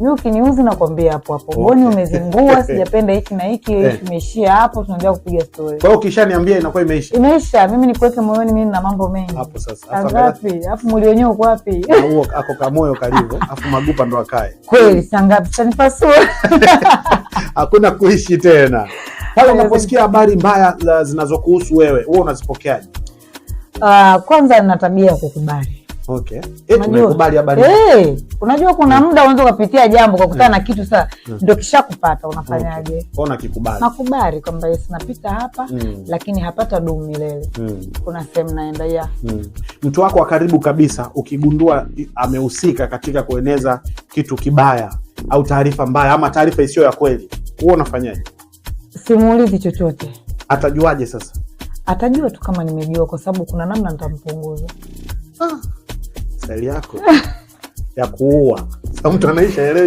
mi ukiniuzi nakwambia hapo hapo goni okay. umezingua sijapenda hiki na hiki eh. imeishia hapo tunaendelea kupiga stori hiyo ukishaniambia inakuwa imeisha imeisha mimi nikuweke moyoni mimi na mambo mengi hapo sasa sangapi afu mwili wenyewe uko wapi ako kamoyo kalivo afu magupa ndo akae kweli sangapi tanipasua hakuna kuishi tena pale unaposikia habari mbaya zinazokuhusu wewe huwa unazipokeaje uh, kwanza nina tabia ya kukubali Okay. Hey, eh, eh, unajua kuna muda unaweza ukapitia jambo kwa kutana na mm. kitu sasa ndo mm. kishakupata unafanyaje? Okay. Nakubali kwamba yes, napita hapa mm. lakini hapata dumu milele mm. kuna sehemu naenda ya mm. mtu wako wa karibu kabisa ukigundua amehusika katika kueneza kitu kibaya au taarifa mbaya ama taarifa isiyo ya kweli, huwa unafanyaje? Simuulizi chochote. Atajuaje sasa? Atajua tu kama nimejua, kwa sababu kuna namna nitampunguza ah staili yako ya kuua. mtu anaisha elewi